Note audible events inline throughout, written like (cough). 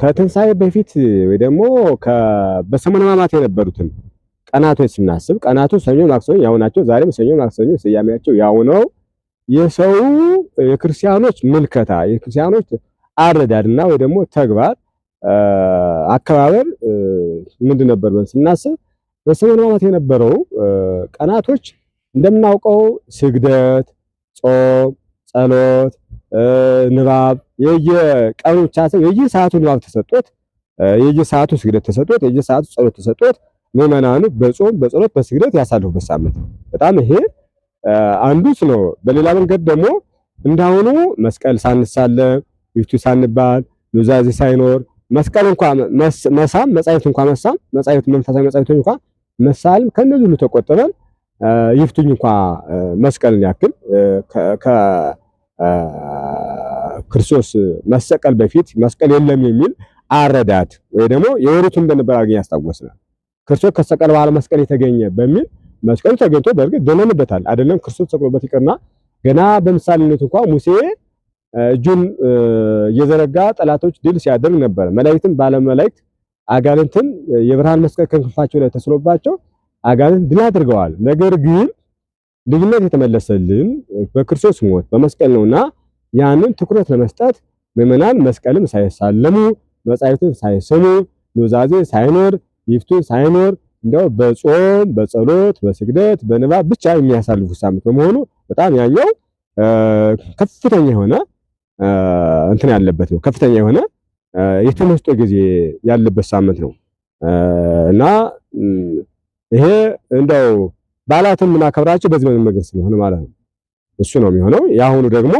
ከትንሣኤ በፊት ወይ ደግሞ በሰሙነ ሕማማት የነበሩትን ቀናቶች ስናስብ ቀናቱ ሰኞ፣ ማክሰኞ ያው ናቸው። ዛሬም ሰኞ፣ ማክሰኞ ስያሜያቸው ያው ነው። የሰው የክርስቲያኖች ምልከታ የክርስቲያኖች አረዳድና ወይ ደግሞ ተግባር አከባበር ምንድን ነበር ብለን ስናስብ በሰሙነ ሕማማት የነበረው ቀናቶች እንደምናውቀው ስግደት፣ ጾም፣ ጸሎት ንባብ የየቀኑ ብቻ ሰው የየሰዓቱ ንባብ ተሰጦት የየሰዓቱ ስግደት ተሰጦት የየሰዓቱ ጸሎት ተሰጦት ምዕመናኑ በጾም በጸሎት በስግደት ያሳልፉበት ሳምንት በጣም ይሄ አንዱስ ነው። በሌላ መንገድ ደግሞ እንዳሁኑ መስቀል ሳንሳለ ይፍቱ ሳንባል ኑዛዜ ሳይኖር መስቀል እንኳ መሳም መጻሕፍት እንኳ መሳም መጻሕፍት መንፈሳዊ መጻሕፍቶች እንኳ መሳልም ከነዚህ ሁሉ ተቆጥበን ይፍቱኝ እንኳ መስቀልን ያክል ክርስቶስ መሰቀል በፊት መስቀል የለም የሚል አረዳት ወይ ደግሞ የወሩቱ እንደነበር አድርገን ያስታወስናል። ክርስቶስ ከሰቀል በኋላ መስቀል የተገኘ በሚል መስቀሉ ተገኝቶ በእርግጥ ደመንበታል አይደለም። ክርስቶስ ተሰቅሎበት ይቅርና ገና በምሳሌነቱ እንኳ ሙሴ እጁን እየዘረጋ ጠላቶች ድል ሲያደርግ ነበረ። መላእክትም ባለመላእክት አጋንንትን የብርሃን መስቀል ከክንፋቸው ላይ ተስሎባቸው አጋንንት ድል አድርገዋል። ነገር ግን ልጅነት የተመለሰልን በክርስቶስ ሞት በመስቀል ነውና ያንን ትኩረት ለመስጠት ምዕመናን መስቀልም ሳይሳለሙ መጻሕፍትን ሳይሰሙ ኑዛዜ ሳይኖር ይፍቱ ሳይኖር እንደው በጾም በጸሎት በስግደት በንባብ ብቻ የሚያሳልፉ ሳምንት በመሆኑ በጣም ያኛው ከፍተኛ የሆነ እንትን ያለበት ነው። ከፍተኛ የሆነ የተመስጦ ጊዜ ያለበት ሳምንት ነው እና ይሄ እንደው በዓላትን የምናከብራቸው በዚህ በዚህ ስለሆነ ማለት ነው። እሱ ነው የሚሆነው። የአሁኑ ደግሞ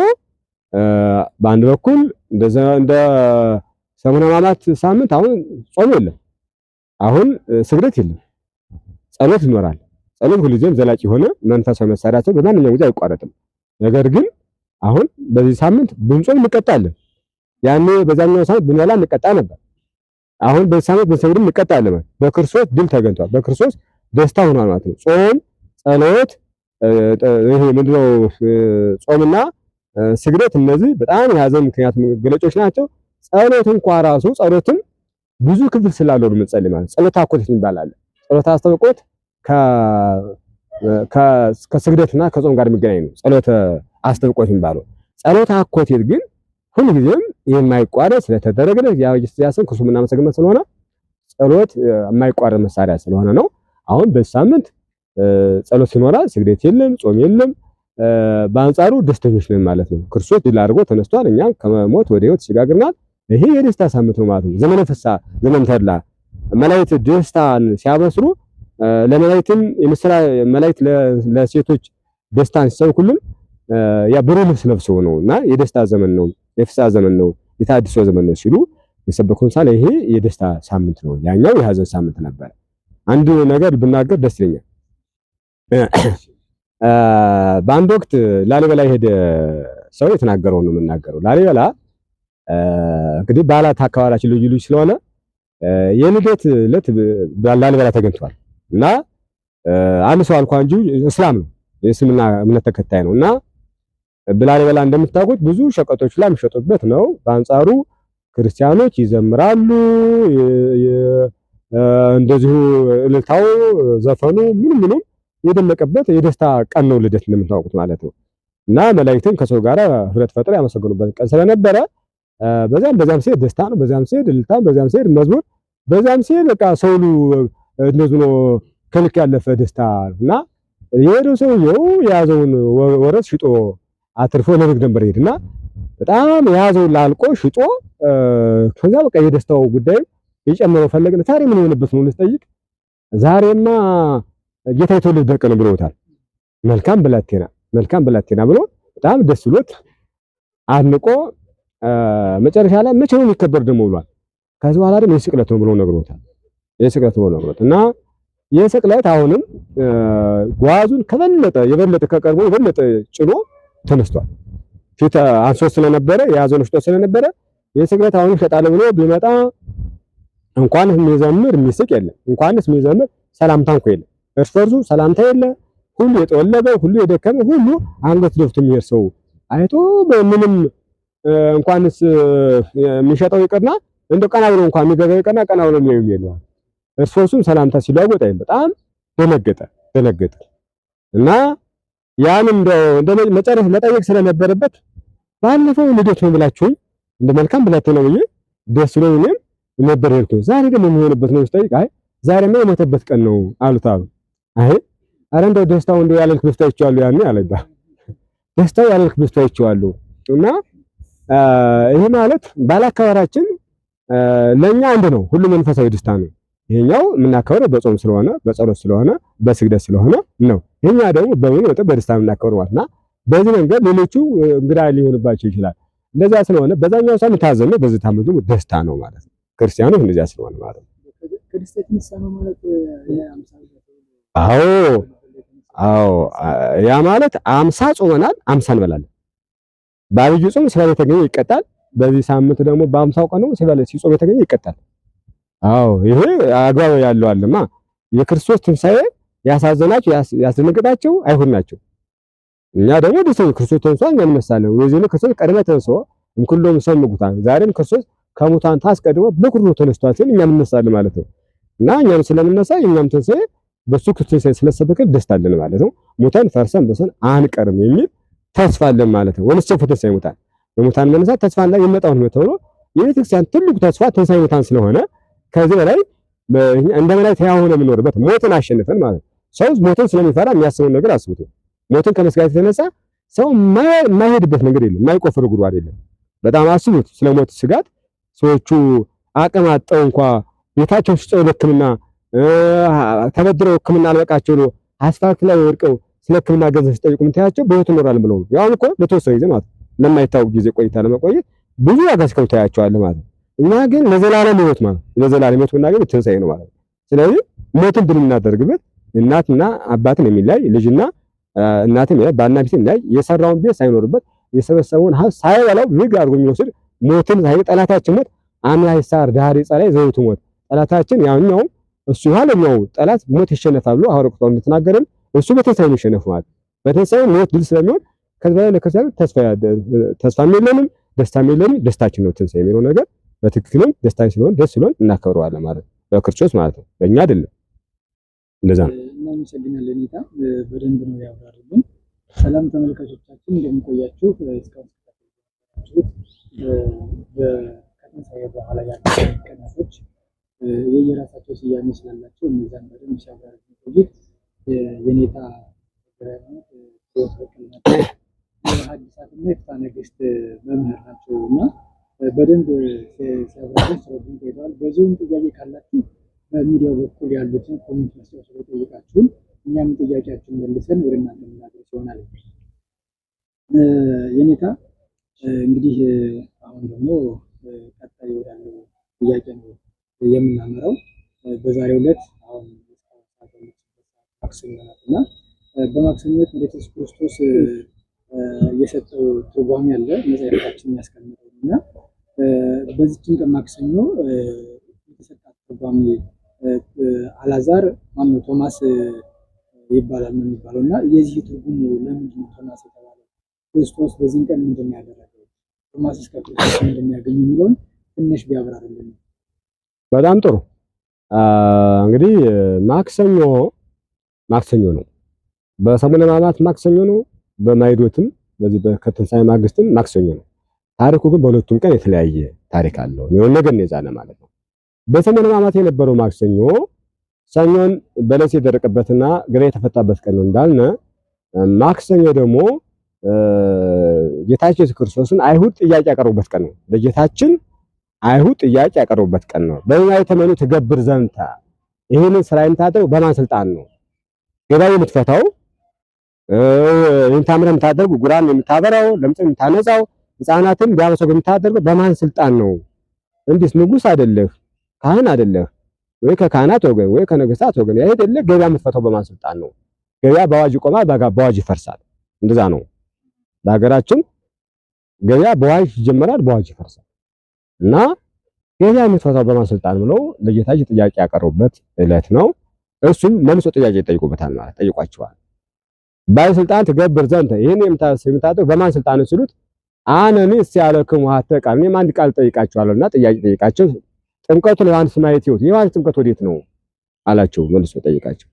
በአንድ በኩል እንደ ሰሙነ ሕማማት ሳምንት አሁን ጾም የለም፣ አሁን ስግደት የለም፣ ጸሎት ይኖራል። ጸሎት ሁልጊዜም ዘላቂ የሆነ መንፈሳዊ መሳሪያቸው በማንኛውም ጊዜ አይቋረጥም። ነገር ግን አሁን በዚህ ሳምንት ብንጾም እንቀጣለን። ያኔ በዛኛው ሳምንት ብንበላ እንቀጣ ነበር። አሁን በዚህ ሳምንት ብንሰግድ እንቀጣለን። በክርስቶስ ድል ተገንቷል። በክርስቶስ ደስታ ሆኗል ማለት ነው ጾም ጸሎት፣ ይሄ ምንድነው ጾምና ስግደት፣ እነዚህ በጣም የሐዘን ምክንያት ገለጮች ናቸው። ጸሎት እንኳ ራሱ ጸሎትም ብዙ ክፍል ስላለው ነው የምንጸልይ ማለት ጸሎት አኮቴት ይባላል። ጸሎት አስተብቆት ከስግደትና ከጾም ጋር የሚገናኝ ነው። ጸሎት አስተውቆት የሚባለው ጸሎት አኮቴት ግን ሁልጊዜም የማይቋረጥ ስለተደረገለ ያስን ክሱ የምናመሰግነት ስለሆነ ጸሎት የማይቋረጥ መሳሪያ ስለሆነ ነው። አሁን በሳምንት ጸሎት ሲኖራል፣ ስግደት የለም፣ ጾም የለም። በአንጻሩ ደስተኞች ነን ማለት ነው። ክርስቶስ ድል አድርጎ ተነስቷል። እኛም ከሞት ወደ ህይወት ተሸጋግረናል። ይሄ የደስታ ሳምንት ነው ማለት ነው። ዘመነ ፍስሐ፣ ዘመን ተድላ መላእክት ደስታን ሲያበስሩ ለመላእክትም የምስራ መላእክት ለሴቶች ደስታን ሲሰብኩልም ያ ብሩ ልብስ ለብሰው ነው እና የደስታ ዘመን ነው፣ የፍስሐ ዘመን ነው፣ የታድሶ ዘመን ነው ሲሉ የሰበኩን ሳለ ይሄ የደስታ ሳምንት ነው። ያኛው የሀዘን ሳምንት ነበር። አንድ ነገር ብናገር ደስ ይለኛል። (coughs) በአንድ ወቅት ላሊበላ የሄደ ሰው የተናገረው ነው የምናገረው። ላሊበላ እንግዲህ በዓላት አካባቢያችን ልዩ ልዩ ስለሆነ የልደት ዕለት ላሊበላ ተገኝቷል እና አንድ ሰው አልኳ እንጂ እስላም ነው የእስልምና እምነት ተከታይ ነው እና በላሊበላ እንደምታውቁት ብዙ ሸቀጦች ላይ የሚሸጡበት ነው። በአንጻሩ ክርስቲያኖች ይዘምራሉ። እንደዚሁ እልልታው፣ ዘፈኑ፣ ምንም ምንም የደመቀበት የደስታ ቀን ነው። ልደት እንደምታውቁት ማለት ነው እና መላእክትን ከሰው ጋር ህብረት ፈጥረው ያመሰግኑበት ቀን ስለነበረ በዛም በዛም ሲሄድ ደስታ ነው፣ በዛም ሲሄድ እልልታ፣ በዛም ሲሄድ መዝሙር፣ በዛም ሲሄድ በቃ ሰውሉ ሁሉ እንደዚህ ነው። ከልክ ያለፈ ደስታ እና የሄደው ሰውየው የያዘውን ወረት ሽጦ አትርፎ ለንግድ ነበር ይሄድና በጣም የያዘውን ላልቆ ሽጦ ከዛ በቃ የደስታው ጉዳይ የጨመረው ፈለግን። ታዲያ ምን የሆነበት ነው ልትጠይቅ ዛሬማ ጌታ የተወለደ በቀ ነው ብለውታል። መልካም ብላቴና መልካም ብላቴና ብሎ በጣም ደስ ብሎት አድንቆ መጨረሻ ላይ መቼ ነው የሚከበር ደግሞ ብሏል። ከዚህ በኋላ ደግሞ የስቅለት ነው ብሎ ነግሮታል። የስቅለት ነው ነግሮት እና የስቅለት አሁንም ጓዙን ከበለጠ የበለጠ ከቀርቦ የበለጠ ጭኖ ተነስቷል። ፊት አንሶ ስለነበረ የያዘውን ሽጦ ስለነበረ የስቅለት አሁንም ይሸጣል ብሎ ቢመጣ እንኳንስ የሚዘምር የሚስቅ የለም። እንኳንስ የሚዘምር ሰላምታ እንኳ የለም። እርስ በርሱ ሰላምታ የለ ሁሉ የጠወለገ ሁሉ የደከመ ሁሉ አንገት ደፍቶ የሚሄድ ሰው አይቶ ምንም እንኳንስ የሚሸጠው ይቅርና እንደ ቀና ብሎ እንኳን የሚገዛው ይቅርና ቀና ብሎ የሚያዩ የሚለዋል። እርስ በርሱም ሰላምታ ሲለዋወጥ አይ በጣም ደነገጠ ደነገጠ እና ያን እንደ እንደ መጨረስ መጠየቅ ስለነበረበት ባለፈው ልደት ነው ብላችሁኝ እንደ መልካም ብላችሁ ነው ብዬ ደስ ብሎኝ ነበር ሄድኩኝ። ዛሬ ደግሞ የሚሆንበት ነው ስጠይቅ አይ ዛሬማ የሞተበት ቀን ነው አሉት አሉ አይ አረ እንደው ደስታው እንደው ያለልክ ብፍታ ያኔ አለባ ደስታው ያለልክ ብፍታ እና ይሄ ማለት ባላከበራችን ለኛ አንድ ነው፣ ሁሉ መንፈሳዊ ደስታ ነው። ይሄኛው የምናከብረው በጾም ስለሆነ በጸሎት ስለሆነ በስግደት ስለሆነ ነው። ይሄኛ ደግሞ በምን ወጥ በደስታ የምናከብረው እና በዚህ መንገድ ሌሎቹ እንግዳ ሊሆንባቸው ይችላል። እንደዛ ስለሆነ በዛኛው ሳም ታዘነ በዚህ ታመዱ ደስታ ነው ማለት ነው። ክርስቲያኖች እንደዚያ ስለሆነ ማለት ነው። አዎ አዎ ያ ማለት አምሳ ጾመናል። አምሳ እንበላለን። በአብይ ጾም ስለ የተገኘ ይቀጣል። በዚህ ሳምንት ደግሞ በአምሳው ቀን ደግሞ ሲበላ ሲጾም የተገኘ ይቀጣል። አዎ ይሄ አግባብ ያለው አለማ የክርስቶስ ትንሳኤ ያሳዘናቸው ያስደነገጣቸው አይሁድ ናቸው። እኛ ደግሞ ደስተኞች ክርስቶስ ተንሥኦ እኛ እንመስላለን። ወይዘኑ ክርስቶስ ቀድመ ተንሶ እምኩሎም ሰው ምጉታን ዛሬም ክርስቶስ ከሙታን አስቀድሞ በኩሩ ተነስቷል ሲል እኛ እንመስላለን ማለት ነው እና እኛም ስለምነሳ እኛም ትንሳኤ በሱ ክርስቶስ ስለሰበከ ደስታ አለን ማለት ነው። ሙታን ፈርሰን በሰን አንቀርም የሚል ተስፋ አለን ማለት ነው። ወንሰው ተንሳይ ሙታን በሙታን መነሳት ተስፋ አለን የመጣውን ነው ተብሎ የቤተክርስቲያን ትልቁ ተስፋ ተንሳይ ሙታን ስለሆነ ከዚህ በላይ እንደምን ላይ ተያው ሆነ የምንኖርበት ሞትን አሸንፈን ማለት ነው። ሰው ሞትን ስለሚፈራ የሚያስበውን ነገር አስቡት። ሞትን ከመስጋት የተነሳ ሰው የማይሄድበት ነገር የለም፣ የማይቆፍር ጉድጓድ የለም። በጣም አስቡት። ስለሞት ስጋት ሰዎቹ አቅም አጠው እንኳ ቤታቸው ሲጨው ለክምና ተበድረው ሕክምና አልበቃቸው ነው አስፋልት ላይ ወድቀው ስለ ሕክምና ገንዘብ ሲጠይቁ ምታያቸው በህይወት እኖራለሁ ብለው ነው። ያው እኮ ለተወሰነ ጊዜ ማለት ለማይታወቅ ጊዜ ቆይታ ለመቆየት ብዙ ዋጋ እስከው ታያቸዋለህ ማለት ነው። እኛ ግን ለዘላለም ህይወት ማለት ለዘላለም ህይወት ብናገኝ ትንሳኤ ነው ማለት ነው። ስለዚህ ሞትን ድል የምናደርግበት እናትና አባትን የሚለያይ ልጅና እናትም ባልና ሚስት ላይ የሰራውን ቤት ሳይኖርበት የሰበሰበውን ሀብት ሳይበላው ምግብ አድርጎ የሚወስድ ሞትን ሳይ ጠላታችን ሞት አምላይ ሳር ዳሪ ጸላይ ዘውቱ ሞት ጠላታችን ያኛውም እሱ የኋለኛው ጠላት ሞት ይሸነፋል ብሎ ሐዋርያው ቅዱስ እሱ በትንሳኤ ነው ይሸነፍ ማለት በትንሳኤ ሞት ድል ስለሚሆን ከዚህ በላይ ለክርስቲያን ተስፋም የለንም፣ ደስታም የለንም። ደስታችን ነው ትንሳኤ የሚለው ነገር በትክክልም ደስታችን ስለሆን ደስ ስለሆን እናከብረዋለን ማለት ነው። በክርስቶስ ማለት ነው፣ በእኛ አይደለም። እንደዛ ነው። እናመሰግናለን። ጌታ በደንብ ነው ያብራሩልን። ሰላም ተመልካቾቻችን፣ እንደምንቆያችሁ እስካሁን ከተንሳኤ በኋላ ያሉ ቀናቶች የየራሳቸው ስያሜ ስላላቸው እነዛን በደንብ ሲያብራሩ ቆይት የኔታ ሐዲሳትና የፍታ ነገስት መምህር ናቸው እና በደንብ ሲያብራሩ ሲረዱን ቆይተዋል። በዚሁም ጥያቄ ካላችሁ በሚዲያው በኩል ያሉትን ኮሚኒቲ መስጫዎች ላይ እኛም ጥያቄያችሁን መልሰን ወደ እናንተ የምናደርስ ይሆናል። የኔታ እንግዲህ አሁን ደግሞ ቀጣይ ወዳለው ጥያቄ ነው የምናመራው በዛሬው ዕለት አሁን ማክሰኞ እና በማክሰኞ ዕለት ኢየሱስ ክርስቶስ የሰጠው ትርጓሜ አለ መጽሐፋችን ያስቀምጠው እና በዚችን ቀን ማክሰኞ የተሰጣት ትርጓሜ አላዛር ማነው ቶማስ ይባላል ነው የሚባለው እና የዚህ ትርጉም ለምንድን ነው ቶማስ የተባለ ክርስቶስ በዚህን ቀን ምንድን ያደረገው ቶማስ እስከ ክርስቶስ ያገኙ የሚለውን ትንሽ ቢያብራርልን በጣም ጥሩ እንግዲህ ማክሰኞ ማክሰኞ ነው። በሰሙነ ሕማማት ማክሰኞ ነው። በማይዶትም በዚህ ከትንሣኤ ማግስትም ማክሰኞ ነው። ታሪኩ ግን በሁለቱም ቀን የተለያየ ታሪክ አለው። የሆነ ነገር ነው የዛነ ማለት ነው። በሰሙነ ሕማማት የነበረው ማክሰኞ ሰኞን በለስ የደረቀበትና ግራ የተፈታበት ቀን ነው እንዳልነ፣ ማክሰኞ ደግሞ ጌታችን ኢየሱስ ክርስቶስን አይሁድ ጥያቄ ያቀረቡበት ቀን ነው ለጌታችን አይሁድ ጥያቄ ያቀረቡበት ቀን ነው። በእኛ የተመኑ ትገብር ዘንተ ይህንን ስራ የምታደርገው በማን ስልጣን ነው? ገበያ የምትፈታው ታምረ የምታደርጉ ጉራን የምታበራው ለምጽ የምታነጻው ህፃናትን ቢያበሰው የምታደርገው በማን ስልጣን ነው? እንዲስ ንጉስ አይደለህ ካህን አይደለህ ወይ ከካህናት ወገን ወይ ከነገስታት ወገን አይደለህ። ገበያ የምትፈታው በማን ስልጣን ነው? ገበያ በአዋጅ ይቆማል፣ በአዋጅ ይፈርሳል። እንደዛ ነው በሀገራችን ገበያ በአዋጅ ይጀመራል፣ በአዋጅ ይፈርሳል። እና የዚህ ዓመት ፈቷ በማሰልጣን ብለው ለጌታችን ጥያቄ ያቀረቡበት እለት ነው። እሱም መልሶ ጥያቄ ይጠይቁበታል ማለት ጠይቋቸዋል። ባለስልጣን ትገብር ዘንድ ይህን የምታደርግ በማን ስልጣን ሲሉት አነኒ እስያለክሙ ውሃተ ቃል እኔም አንድ ቃል ጠይቃቸዋለሁና ጥያቄ ጠይቃቸው ጥምቀቱ ለዮሐንስ ማየት ይሁት የዮሐንስ ጥምቀት ወዴት ነው አላቸው። መልሶ ጠይቃቸው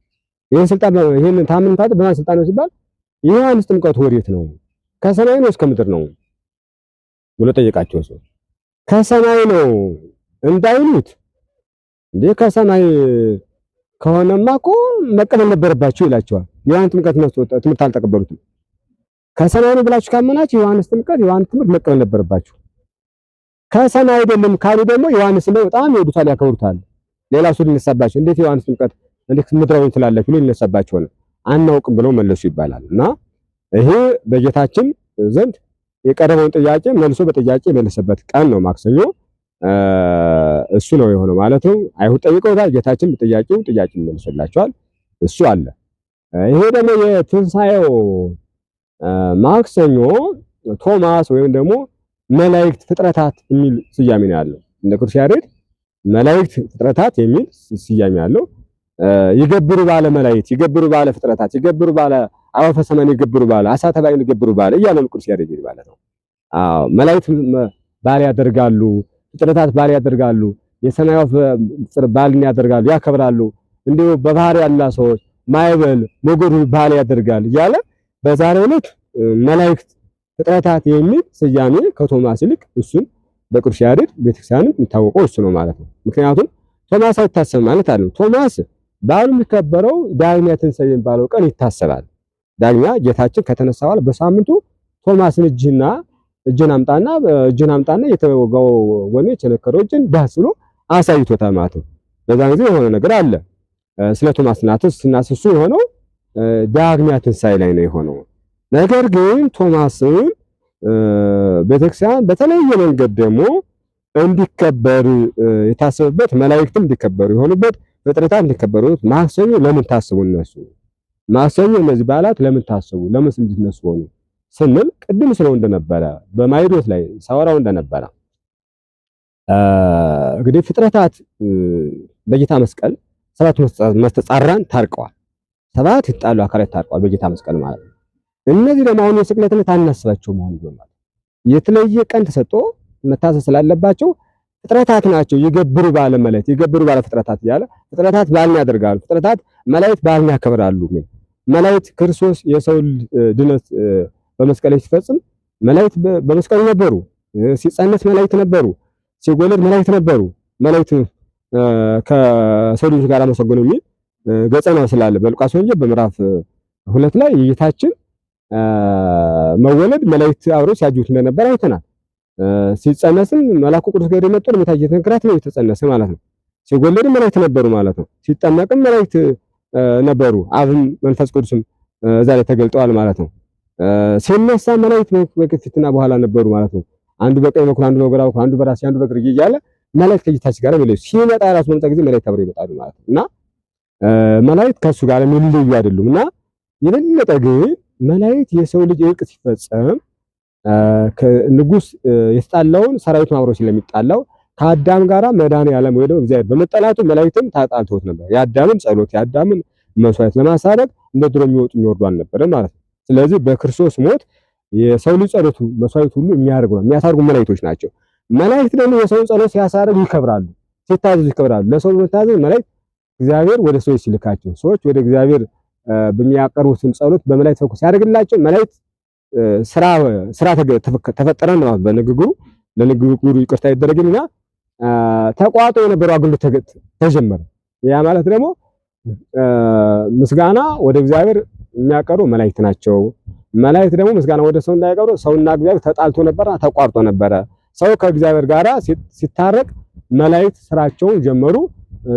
ይህን ስልጣን ይህን ታምን ታጥ በማን ስልጣን ነው ሲባል የዮሐንስ ጥምቀቱ ወዴት ነው ከሰማይ ነው እስከ ምድር ነው ብሎ ጠይቃቸው ሰው ከሰማይ ነው እንዳይሉት እንዴ ከሰማይ ከሆነማ እኮ መቀበል ነበረባችሁ ይላቸዋል። ዮሐንስ ጥምቀት ትምህርት አልተቀበሉትም። ከሰማይ ነው ብላችሁ ካመናችሁ ዮሐንስ ጥምቀት ዮሐንስ ትምህርት መቀበል ነበረባችሁ። ከሰማይ አይደለም ካሉ ደግሞ ዮሐንስ ነው በጣም ይወዱታል፣ ያከብሩታል። ሌላ ሰው ሊነሳባቸው እንዴት ዮሐንስ ጥምቀት እንዴት ምድራዊ ትላላችሁ ብሎ ሊነሳባቸው ነው። አናውቅም ብለው መለሱ ይባላል እና ይሄ በጌታችን ዘንድ የቀረበውን ጥያቄ መልሶ በጥያቄ የመለሰበት ቀን ነው ማክሰኞ። እሱ ነው የሆነው ማለት ነው። አይሁድ ጠይቀውታል። ጌታችን በጥያቄው ጥያቄ መልሶላቸዋል። እሱ አለ። ይሄ ደግሞ የትንሳኤው ማክሰኞ ቶማስ ወይም ደግሞ መላእክት ፍጥረታት የሚል ስያሜ ነው ያለው። እንደ ቅዱስ ያሬድ መላእክት ፍጥረታት የሚል ስያሜ አለው። ይገብሩ ባለ መላእክት ይገብሩ ባለ ፍጥረታት ይገብሩ ባለ አዋፈ ሰማይ ይገብሩ ባለ አሳተ ባይን ይገብሩ ባለ እያለ ነው ቅዱስ ያሬድ ማለት ነው። አዎ መላእክት ባል ያደርጋሉ፣ ፍጥረታት ባል ያደርጋሉ፣ የሰማይ አዋፍ ባልን ያደርጋሉ፣ ያከብራሉ። እንዲሁ በባህር ያላ ሰዎች ማይበል ሞገዱ ባል ያደርጋል እያለ በዛሬው ዕለት መላእክት ፍጥረታት የሚል ስያሜ ከቶማስ ይልቅ እሱን በቅዱስ ያሬድ ቤተክርስቲያን የሚታወቀው እሱ ነው ማለት ነው። ምክንያቱም ቶማስ አይታሰብ ማለት አለ ቶማስ በዓሉ የሚከበረው ዳግሚያ ትንሣኤ የሚባለው ቀን ይታሰባል። ዳግሚያ ጌታችን ከተነሳ በኋላ በሳምንቱ ቶማስን እጅና እጅን አምጣና እጅን አምጣና የተወጋው ወኔ የቸነከረው እጅን ዳስ ብሎ አሳይቶታል ማለት ነው። በዛን ጊዜ የሆነ ነገር አለ። ስለ ቶማስ ናትስ ስናስሱ የሆነው ዳግሚያ ትንሣኤ ላይ ነው የሆነው። ነገር ግን ቶማስን ቤተክርስቲያን በተለየ መንገድ ደግሞ እንዲከበር የታሰበበት መላእክትም እንዲከበሩ የሆኑበት ፍጥረታት ሊከበሩት ማክሰኞ ለምን ታስቡ? እነሱ ማክሰኞ እነዚህ በዓላት ለምን ታስቡ? ለምን እንዲነሱ ሆኑ ስንል ቅድም ስለው እንደነበረ በማይዶት ላይ ሳወራው እንደነበረ እንግዲህ ፍጥረታት በጌታ መስቀል ሰባት መስተጻራን ታርቀዋል። ሰባት ይጣሉ አካላት ታርቀዋል በጌታ መስቀል ማለት ነው። እነዚህ ደግሞ አሁን የስቅለትነት አናስባቸው መሆኑ የተለየ ቀን ተሰጥቶ መታሰብ ስላለባቸው ፍጥረታት ናቸው። ይገብሩ ባለ መላእክት ይገብሩ ባለ ፍጥረታት እያለ ፍጥረታት ባልን ያደርጋሉ። ፍጥረታት መላእክት ባልን ያከብራሉ። ግን መላእክት ክርስቶስ የሰው ድነት በመስቀል ሲፈጽም መላእክት በመስቀሉ ነበሩ። ሲጸነት መላእክት ነበሩ። ሲጎለድ መላእክት ነበሩ። መላእክት ከሰው ልጆች ጋር አመሰገኑ የሚል ገጸ ነው ስላለ በሉቃስ ወንጌል በምዕራፍ ሁለት ላይ እይታችን መወለድ መላእክት አብረው ሲያጅቡት እንደነበር አይተናል። ሲጸነስም መላኩ ቅዱስ ገብርኤል መጥቶ ለመታየት ነገራት ነው የተጸነሰ ማለት ነው። ሲወለድም መላእክት ነበሩ ማለት ነው። ሲጠመቅም መላእክት ነበሩ። አብም መንፈስ ቅዱስም እዛ ላይ ተገልጠዋል ማለት ነው። ሲነሳ መላእክት በፊት ፊትና በኋላ ነበሩ ማለት ነው። አንዱ በቀኝ በኩል፣ አንዱ በግራ በኩል፣ አንዱ በራስ አንዱ በግር እያለ መላእክት ከጌታችን ጋር ነው። ሲመጣ ራሱ መምጣ ጊዜ መላእክት አብረው ይመጣሉ ማለት ነው እና መላእክት ከሱ ጋር የሚለዩ አይደሉም እና የበለጠ ግን መላእክት የሰው ልጅ እርቅ ሲፈጸም ንጉስ የተጣላውን ሰራዊት ማብሮ ስለሚጣላው ከአዳም ጋራ መድኃኔ ዓለም ወይ ደግሞ እግዚአብሔር በመጠላቱ መላእክትም ታጣልተውት ነበር። የአዳምን ጸሎት የአዳምን መስዋዕት ለማሳረግ እንደ ድሮ የሚወጡ የሚወርዱ አልነበረም ማለት ነው። ስለዚህ በክርስቶስ ሞት የሰው ልጅ ጸሎቱ መስዋዕት ሁሉ የሚያደርጉ ነው የሚያሳርጉ መላእክቶች ናቸው። መላእክት ደግሞ የሰውን ጸሎት ሲያሳርጉ ይከብራሉ፣ ሲታዘዙ ይከብራሉ። ለሰው በመታዘዝ መላእክት እግዚአብሔር ወደ ሰዎች ሲልካቸው፣ ሰዎች ወደ እግዚአብሔር በሚያቀርቡትን ጸሎት በመላእክት በኩል ሲያደርግላቸው መላእክት ስራ ስራ ተፈጠረ ነው በንግግሩ ለንግግሩ ይቅርታ ይደረግልና ተቋጦ የነበረው አገልግሎት ተጀመረ። ያ ማለት ደግሞ ምስጋና ወደ እግዚአብሔር የሚያቀርቡ መላእክት ናቸው። መላእክት ደግሞ ምስጋና ወደ ሰው እንዳይቀርቡ፣ ሰውና እግዚአብሔር ተጣልቶ ነበርና ተቋርጦ ነበረ። ሰው ከእግዚአብሔር ጋር ሲታረቅ መላእክት ስራቸውን ጀመሩ።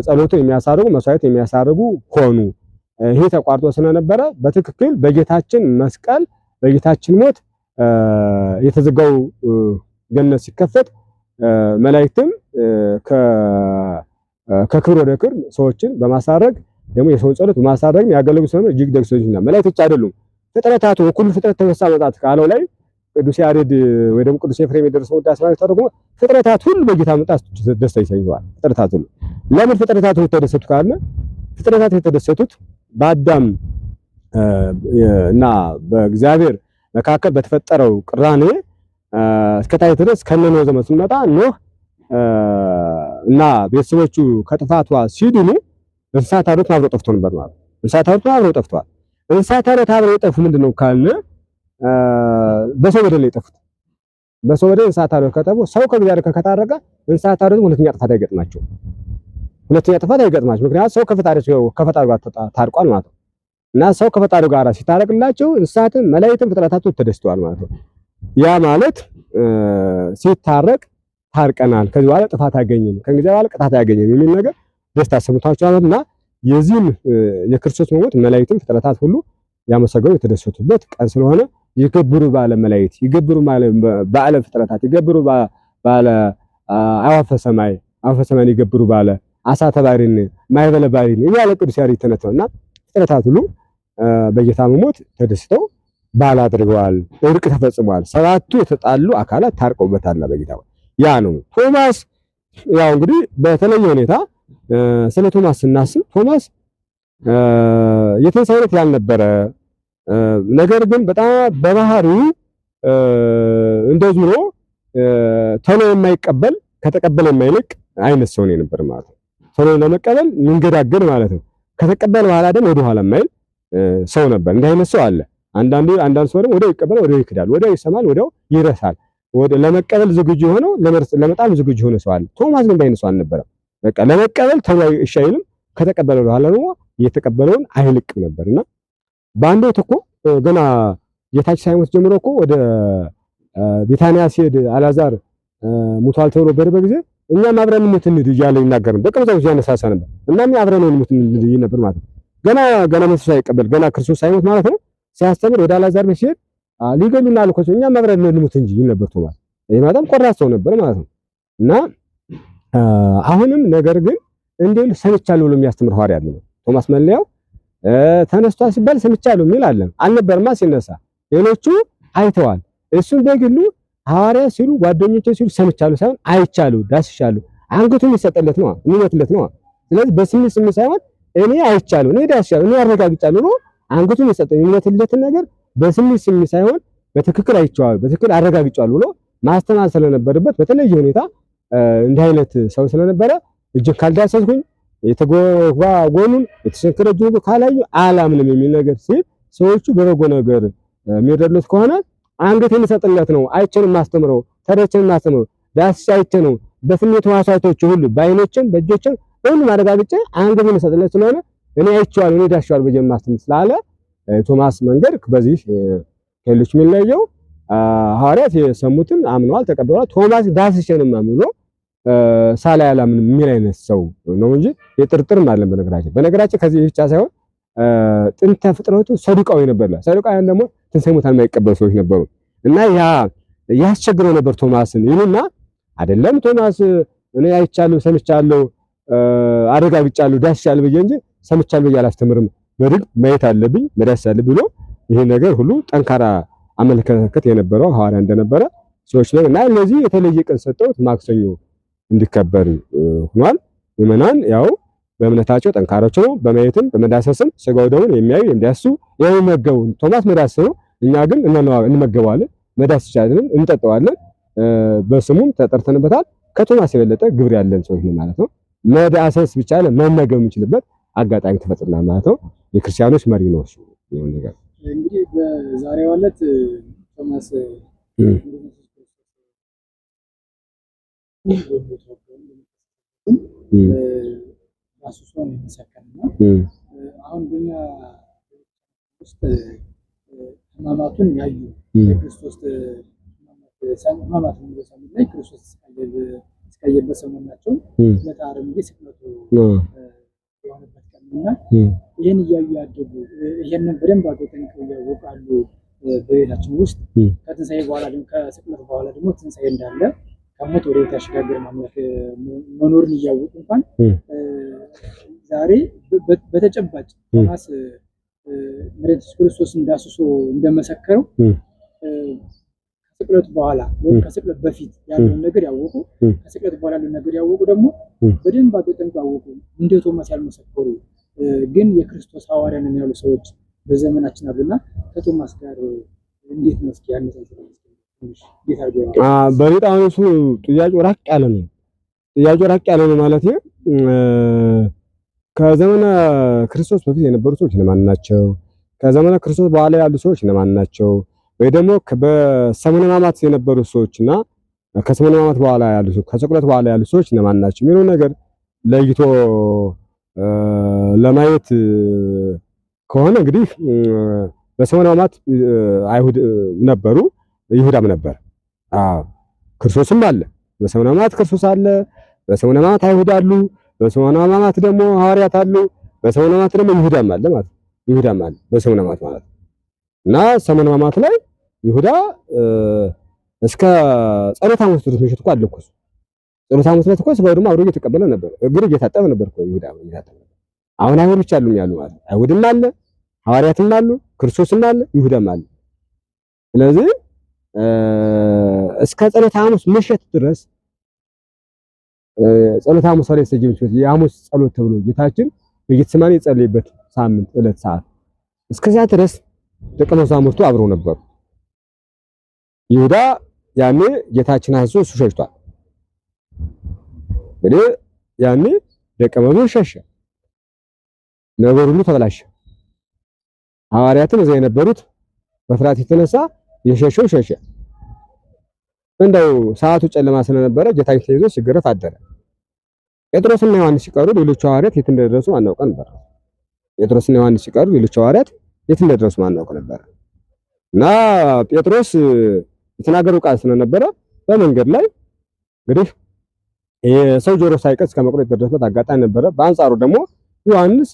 ጸሎትን የሚያሳርጉ መስዋዕት የሚያሳርጉ ሆኑ። ይሄ ተቋርጦ ስለነበረ በትክክል በጌታችን መስቀል በጌታችን ሞት የተዘጋው ገነት ሲከፈት መላእክትም ከክብር ወደ ክብር ሰዎችን በማሳረግ ደግሞ የሰውን ጸሎት በማሳረግ ያገለግሉ ስለሆነ እጅግ ደግ ሰዎች እና መላእክቶች አይደሉም ፍጥረታቱ ሁሉ ፍጥረት ተነሳ መጣት ካለው ላይ ቅዱስ ያሬድ ወይ ደግሞ ቅዱስ ኤፍሬም የደረሰው ውዳሴ ማለት ተርጉሞ ፍጥረታት ሁሉ በጌታ መምጣት ደስታ ይሰኘዋል። ፍጥረታት ሁሉ ለምን ፍጥረታት ሁሉ ተደሰቱ ካለ ፍጥረታት የተደሰቱት በአዳም እና በእግዚአብሔር መካከል በተፈጠረው ቅራኔ እስከታይ ድረስ ከነኖህ ዘመን ስንመጣ ኖህ እና ቤተሰቦቹ ከጥፋቷ ሲድኑ እንስሳት አውሬት አብረው ጠፍቶ ነበር ማለት ነው። እንስሳት አውሬት አብረው ጠፍቷል። እንስሳት አውሬት አብረው የጠፉ ነው ካለ በሰው በደል የጠፉት በሰው በደል እንስሳት አውሬት ከጠፉ ሰው ከእግዚአብሔር ከታረቀ እንስሳት አውሬት ሁለተኛ ጥፋት አይገጥማቸውም። ሁለተኛ ጥፋት አይገጥማቸውም። ምክንያቱም ሰው ከፈጣሪ ጋር ታርቋል ማለት ነው። እና ሰው ከፈጣሪው ጋር ሲታረቅላቸው እንስሳትም መላእክትም ፍጥረታቱ ተደስተዋል ማለት ነው። ያ ማለት ሲታረቅ ታርቀናል፣ ከዚህ በኋላ ጥፋት አያገኝም፣ ከእንግዲህ በኋላ ቅጣት አያገኝም የሚል ነገር ደስታ ሰምቷቸዋል እና የዚህም የክርስቶስ መሞት መላእክትም ፍጥረታት ሁሉ ያመሰገኑ የተደሰቱበት ቀን ስለሆነ ይገብሩ ባለ መላእክት ይገብሩ ባለ ፍጥረታት ይገብሩ ባለ አዋፈ ሰማይ አዋፈ ሰማይ ይገብሩ ባለ አሳ ተባሪን ማይበለ ባሪን እያለ ቅዱስ ያሬድ ተነተውና ፍጥረታት ሁሉ በጌታ መሞት ተደስተው በዓል አድርገዋል። እርቅ ተፈጽሟል። ሰባቱ የተጣሉ አካላት ታርቀውበታልና በጌታ ያ ነው። ቶማስ ያው እንግዲህ በተለየ ሁኔታ ስለ ቶማስ ስናስብ ቶማስ የትንሣኤ ዕለት ያልነበረ ነገር ግን በጣም በባህሪው እንደው ዝም ቶሎ የማይቀበል ከተቀበለ የማይልቅ አይነት ሰው ነው የነበር ማለት ነው። ቶሎ ለመቀበል ምንገዳገድ ማለት ነው። ከተቀበለ በኋላ ደግሞ ወደ ኋላ የማይል ሰው ነበር። እንዲህ አይነት ሰው አለ። አንዳንዱ አንዳንድ ሰው ደግሞ ወዲያው ይቀበላል፣ ወዲያው ይክዳል፣ ወዲያው ይሰማል፣ ወዲያው ይረሳል። ወደ ለመቀበል ዝግጁ የሆነው ለመጣል ዝግጁ የሆነ ሰው አለ። ቶማስ ግን እንዲህ አይነት ሰው አልነበረም። በቃ ለመቀበል ተው እሺ አይልም። ከተቀበለ በኋላ ደግሞ የተቀበለውን አይልቅም ነበርና በአንድ ወቅት እኮ ገና ጌታችን ሳይሞት ጀምሮ እኮ ወደ ቢታንያ ሲሄድ አላዛር ሙቷል ተብሎ በደረበ ጊዜ እኛም አብረን ሙት እንሂድ እያለ ይናገር ነበር። ደቀ መዛሙርቱ ያነሳሳ ነበር። እናም አብረን ሙት እንሂድ ነበር ማለት ነው። ገና ገና መሱ ሳይቀበል ገና ክርስቶስ ሳይሞት ማለት ነው ሲያስተምር ወደ አላዛር ቤት ሲሄድ ሊገሉና አልኮች እኛም አብረን እንሙት እንጂ ይል ነበር ቶማስ። ይህ ማለትም ቆራጥ ሰው ነበር ማለት ነው። እና አሁንም ነገር ግን እንዲል ሰምቻለሁ ብሎ የሚያስተምር ሐዋርያ አለ ነው ቶማስ መለያው ተነስቷል ሲባል ሰምቻለሁ የሚል አለ አልነበርማ ሲነሳ ሌሎቹ አይተዋል እሱም በግሉ ሐዋርያ ሲሉ ጓደኞቼ ሲሉ ሰምቻሉ ሳይሆን አይቻሉ ዳስሻለሁ። አንገቱ የሚሰጠለት ነው የሚሞትለት ነው። ስለዚህ በስሜት ስሜት ሳይሆን እኔ አይቻሉ እኔ ዳስሻለሁ፣ እኔ አረጋግጫለሁ ነው። አንገቱ የሚሰጠ የሚሞትለትን ነገር በስሜት ስሜት ሳይሆን በትክክል አይቼዋለሁ፣ በትክክል አረጋግጫለሁ ብሎ ማስተማር ስለነበረበት በተለየ ሁኔታ እንዲህ አይነት ሰው ስለነበረ እጅን ካልዳሰስኩኝ የተጎባ ጎኑን የተሸከረ እጁን ካላዩ አላምንም የሚል ነገር ሲል ሰዎቹ በበጎ ነገር የሚረዱት ከሆነ አንገቴን ልሰጥለት ነው። አይቼን ማስተምረው ተረቼን ማስተምረው ዳስቻይቼ ነው። በስሜት ዋሳቶች ሁሉ በአይኖችም በእጆችም በሁሉም አረጋግጬ አንገቴን ልሰጥለት ስለሆነ እኔ አይቼዋለሁ፣ እኔ ዳሸዋለሁ ብዬ ማስተምር ስላለ ቶማስ መንገድ በዚህ ከሌሎች የሚለየው ሐዋርያት የሰሙትን አምነዋል፣ ተቀብለዋል። ቶማስ ዳስቼ ነው ሳላ ሳላይ አላምንም የሚል አይነት ሰው ነው እንጂ የጥርጥርም አይደለም። በነገራችን በነገራችን ከዚህ ብቻ ሳይሆን ጥንተ ፍጥረቱ ሰዱቃዊ ነበር። ሰዱቃውያን ደግሞ ትንሣኤ ሙታን የማይቀበሉ ሰዎች ነበሩ እና ያ ያስቸግረው ነበር ቶማስን ይሉና አይደለም ቶማስ እኔ አይቻለሁ፣ ሰምቻለሁ፣ አረጋግጫለሁ፣ ዳስቻለሁ ብዬ እንጂ ሰምቻለሁ ብዬ አላስተምርም፣ በድግ ማየት አለብኝ፣ መዳስ አለብኝ ብሎ ይሄ ነገር ሁሉ ጠንካራ አመለካከት የነበረው ሐዋርያ እንደነበረ ሰዎች ነው እና እነዚህ የተለየ ቀን ሰጠውት ማክሰኞ እንዲከበር ሆኗል። ምዕመናን ያው በእምነታቸው ጠንካሮች ነው። በማየትም በመዳሰስም ስጋው ደግሞ የሚያዩ የሚዳስሱ የሚመገቡ ቶማስ መዳስ ነው። እኛ ግን እንመገባለን፣ መዳስ ይቻለንም እንጠጠዋለን። በስሙም ተጠርተንበታል። ከቶማስ የበለጠ ግብር ያለን ሰዎች ነው ማለት ነው። መዳሰስ ብቻ ነው መመገብ የምንችልበት አጋጣሚ ተፈጥሮናል ማለት ነው። የክርስቲያኖች መሪ ነው እሱ። ይሁን ነገር እንግዲህ በዛሬው ዕለት ቶማስ እ ሱስ ነው የሚሰከርና አሁን በኛ ውስጥ ህማማቱን ያዩ የክርስቶስ ህማማት ሚበሳሚ ላይ ክርስቶስ ሲቀየበት ሰሞን ናቸው። ለታረም ጊዜ ስቅለቱ የሆነበት ቀን እና ይህን እያዩ ያደጉ ይህንን በደንብ አድርገው ጠንቅቀው እያወቃሉ በቤታችን ውስጥ ከትንሳኤ በኋላ ከስቅለት በኋላ ደግሞ ትንሳኤ እንዳለ ከሞት ወደ ቤት ያሸጋገር ማምለክ መኖርን እያወቁ እንኳን ዛሬ በተጨባጭ ቶማስ መሬት ክርስቶስ እንዳስሶ እንደመሰከረው ከስቅለት በኋላ ወይም ከስቅለት በፊት ያለውን ነገር ያወቁ፣ ከስቅለት በኋላ ያለውን ነገር ያወቁ ደግሞ በደንብ አጥብቀው ያወቁ እንደ ቶማስ ያልመሰከሩ ግን የክርስቶስ ሐዋርያ ነን ያሉ ሰዎች በዘመናችን አሉና ከቶማስ ጋር እንዴት ነው እስኪ ያነሳስለው? በጣም እሱ ጥያቄው ራቅ ያለ ነው። ጥያቄው ራቅ ያለ ነው ማለት ነው። ከዘመነ ክርስቶስ በፊት የነበሩ ሰዎች እነማን ናቸው? ከዘመነ ክርስቶስ በኋላ ያሉ ሰዎች እነማን ናቸው? ወይ ደግሞ በሰሙነ ሕማማት የነበሩ ሰዎችና ከሰሙነ ሕማማት በኋላ ያሉ ሰዎች ከስቅለት በኋላ ያሉ ሰዎች እነማን ናቸው የሚለው ነገር ለይቶ ለማየት ከሆነ እንግዲህ በሰሙነ ሕማማት አይሁድ ነበሩ፣ ይሁዳም ነበር። አዎ ክርስቶስም አለ። በሰሙነ ሕማማት ክርስቶስ አለ። በሰሙነ ሕማማት አይሁድ አሉ፣ በሰሙነ ሕማማት ደግሞ ሐዋርያት አሉ፣ በሰሙነ ሕማማት ደግሞ ይሁዳም አለ ማለት ነው። ይሁዳም አለ በሰሙነ ሕማማት ማለት እና ሰሙነ ሕማማት ላይ ይሁዳ እስከ ጸሎተ ሐሙስ ድረስ ምሽት እኮ አለኩስ ጸሎተ ሐሙስ ዕለት እኮ ስጋው ደግሞ አብሮ እየተቀበለ ነበር፣ እግር እየታጠበ ነበር እኮ ይሁዳ እየታጠበ አሁን አይሁድ ብቻ አሉ ያሉ ማለት አይሁድም አለ ሐዋርያትም አሉ ክርስቶስም አለ ይሁዳም አለ። ስለዚህ እስከ ጸሎተ ሐሙስ ምሽት ድረስ ጸሎተ ሐሙስ ላይ የተሰጀመች የሐሙስ ጸሎት ተብሎ ጌታችን በጌተሰማኒ የጸለይበት ሳምንት ዕለት ሰዓት እስከዚያ ድረስ ደቀ መዛሙርቱ አብረው ነበሩ። ይሁዳ ያኔ ጌታችን አይዞ እሱ ሸሽቷል። እንግዲህ ያኔ ደቀ መዝሙር ሸሸ፣ ነገር ሁሉ ተበላሸ። ሐዋርያትም እዚያ የነበሩት በፍርሃት የተነሳ የሸሸው ሸሸ። እንደው ሰዓቱ ጨለማ ስለነበረ ጌታችን ተይዞ ሲገረፍ አደረ። ጴጥሮስና ዮሐንስ ሲቀሩ ሌሎች ሐዋርያት የት እንደደረሱ ማናውቅ ነበር። ጴጥሮስና ዮሐንስ ሲቀሩ ሌሎች ሐዋርያት የት እንደደረሱ ማናውቅ ነበር እና ጴጥሮስ የተናገረው ቃል ስለነበረ በመንገድ ላይ እንግዲህ የሰው ጆሮ ሳይቀር እስከ መቁረጥ የደረሰበት አጋጣሚ ነበረ። በአንጻሩ ደግሞ ዮሐንስ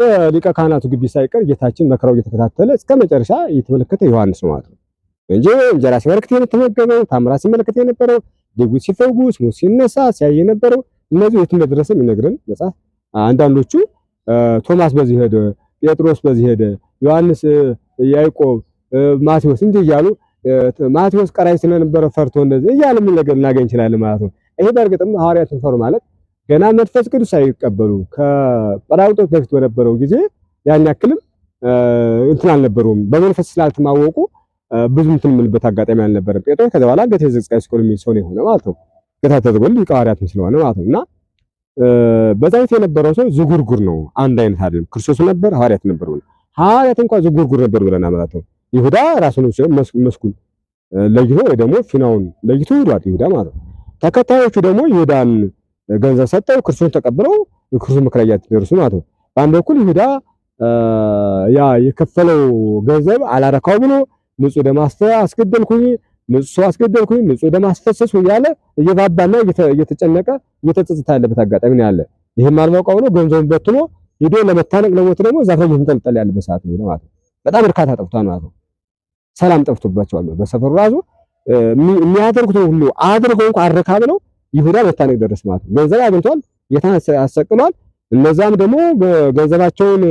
በሊቀ ካህናቱ ግቢ ሳይቀር ጌታችን መከራው እየተከታተለ እስከ መጨረሻ እየተመለከተ ዮሐንስ ነው ማለት ነው እንጂ እንጀራ ሲመለከት የተመገበው ታምራት ሲመለከት የነበረው ድውይ ሲፈውስ ሙት ሲነሳ ሲያይ የነበረው እነዚህ የት እንደደረሰም ይነግረን መጽሐፍ አንዳንዶቹ ቶማስ በዚህ ሄደ፣ ጴጥሮስ በዚህ ሄደ፣ ዮሐንስ፣ ያዕቆብ፣ ማቴዎስ እንዲህ እያሉ ማቴዎስ ቀራይ ስለነበረ ፈርቶ እንደዚህ እያለ ምን ነገር ልናገኝ እንችላለን ማለት ነው። ይሄ በእርግጥም ሐዋርያትን ፈሩ ማለት ገና መንፈስ ቅዱስ ሳይቀበሉ ከጰራቅሊጦስ በፊት በነበረው ጊዜ ያን ያክልም እንትን አልነበሩም። በመንፈስ ስላልተማወቁ ብዙ እንትን የምልበት አጋጣሚ አልነበረም። ጴጥሮስ ከዛ በኋላ ገቴ ዘቅዝቃይ ሲቆል የሚል ሰው ነው የሆነ ማለት ነው። ጌታ ተዘጎል ቃሪያትም ስለሆነ ማለት ነው እና በዛ ቤት የነበረው ሰው ዝጉርጉር ነው። አንድ አይነት አይደለም። ክርስቶስ ነበር፣ ሐዋርያት ነበር። ሐዋርያት እንኳን ዝጉርጉር ነበር ብለና ማለት ነው። ይሁዳ ራሱን መስኩን ለይቶ ወይ ደግሞ ፊናውን ለይቶ ሄዷል ይሁዳ ማለት ነው። ተከታዮቹ ደግሞ ይሁዳን ገንዘብ ሰጠው፣ ክርስቶስን ተቀብለው ክርስቶስ መከራያ እያደረሱ ማለት ነው። በአንድ በኩል ይሁዳ ያ የከፈለው ገንዘብ አላረካው ብሎ ንጹህ ደም አስገደልኩኝ ንጹህ አስገደልኩኝ፣ ንጹህ ደም አስፈሰስኩ እያለ እየባባና እየተጨነቀ እየተጸጸተ ያለበት አጋጣሚ ነው ያለ። ይህም አልማውቀው ነው ገንዘቡን በትኖ ሄዶ ለመታነቅ ለሞት ደግሞ ዛፍ ላይ እየተንጠለጠለ ያለበት ሰዓት ነው ማለት ነው። በጣም እርካታ ጠፍቷል ማለት ነው። ሰላም ጠፍቶባቸዋል። በሰፈሩ ራሱ የሚያደርጉት ሁሉ አድርገው እንኳን አረካብ ነው ይሁዳ መታነቅ ደረስ ማለት ነው። ገንዘብ አግኝቷል፣ ያሰቅሏል። እነዛም ደግሞ ገንዘባቸውን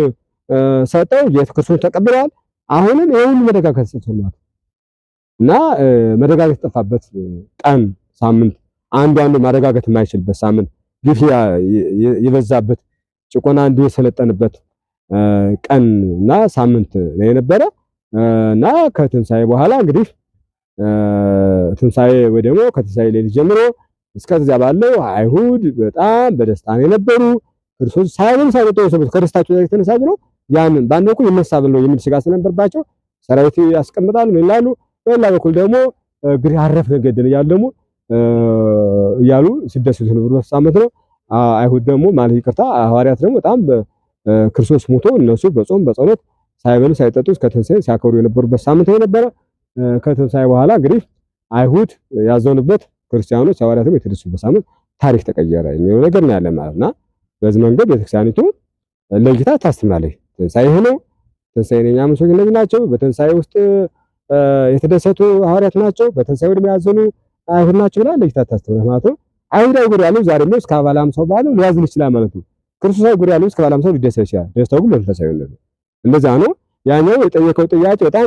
ሰጠው፣ ኢየሱስ ክርስቶስ ተቀብለዋል። አሁንም ይሁን ሁሉ መደጋገፍ ማለት ነው። እና መረጋጋት የጠፋበት ቀን ሳምንት አንዱ አንዱ ማረጋጋት የማይችልበት ሳምንት ግፍ የበዛበት ጭቆና አንዱ የሰለጠንበት ቀን እና ሳምንት ነው የነበረ እና ከትንሳኤ በኋላ እንግዲህ ትንሳኤ ወይ ደግሞ ከትንሳኤ ሌሊት ጀምሮ እስከዚያ ባለው አይሁድ በጣም በደስታ ነው የነበሩ። ክርስቶስ ሳይሆን ሳይወጡ ሰዎች ከደስታቸው የተነሳ ነው። ያንን በአንድ በኩል ይነሳ የሚል ስጋት ስለነበርባቸው ሰራዊት ያስቀምጣሉ ይላሉ። በሌላ በኩል ደግሞ እንግዲህ አረፍነ ገደለ እያሉ ደግሞ እያሉ ሲደሰቱ ነው። በፍስሐ ዓመት ነው። አይሁድ ደግሞ ማለት ይቅርታ ሐዋርያት ደግሞ በጣም ክርስቶስ ሞቶ እነሱ በጾም በጸሎት ሳይበሉ ሳይጠጡ እስከ ትንሣኤ ሲያከብሩ የነበሩበት ሳምንት የነበረ ከትንሣኤ በኋላ እንግዲህ አይሁድ ያዘኑበት ክርስቲያኖች ሐዋርያት ደግሞ የተደሱበት ሳምንት ታሪክ ተቀየረ የሚለው ነገር ነው ያለ ማለት እና በዚህ መንገድ ቤተክርስቲያኒቱ ለይታ ታስተምራለች። ትንሣኤ ይህ ነው። ትንሣኤ የእኛ ምስክርነት ናቸው። በትንሣኤ ውስጥ የተደሰቱ ሐዋርያት ናቸው፣ በትንሣኤው ያዘኑ አይሁድ ናቸው ብላ ለይታ ታስተምራለች ማለት ነው። አይሁድ አይጉር ያለው ዛሬ ነው እስከ አባል ሃምሳ በዓሉ ሊያዝን ይችላል ማለት ነው። ክርስቶስ አይጉር ያለው እስከ አባል ሃምሳ ሊደሰት ይችላል። ደስታው ግን መንፈሳዊነት ነው። እንደዛ ነው። ያኛው የጠየቀው ጥያቄ በጣም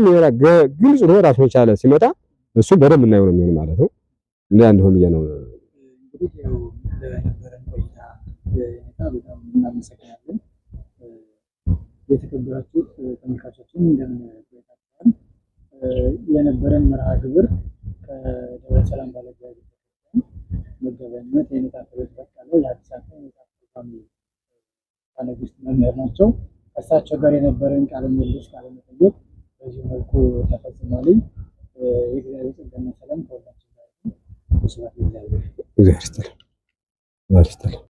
ግልጽ ነው። ራሱን የቻለ ሲመጣ እሱ በደንብ እናየው ነው የሚሆን ማለት ነው። እንደ አንድ ሆኖ ነው የተከበራችሁ ተመልካቾችን እንደምን የነበረን መርሃ ግብር ከደብረ ሰላም ባለጉዳይ ቤተክርስቲያን መገበኝነት የኔታ ፍሬሕይወት በቀለ የአዲስ አበባ መምር ፕሮግራም መምህር ናቸው። ከእሳቸው ጋር የነበረን ቃለ ምልልስ ቃለ መጠየቅ በዚህ መልኩ ተፈጽሟልኝ። የእግዚአብሔር ጸጋና ሰላም ከሁላችን ጋር ይሁን። ስብሐት ለእግዚአብሔር።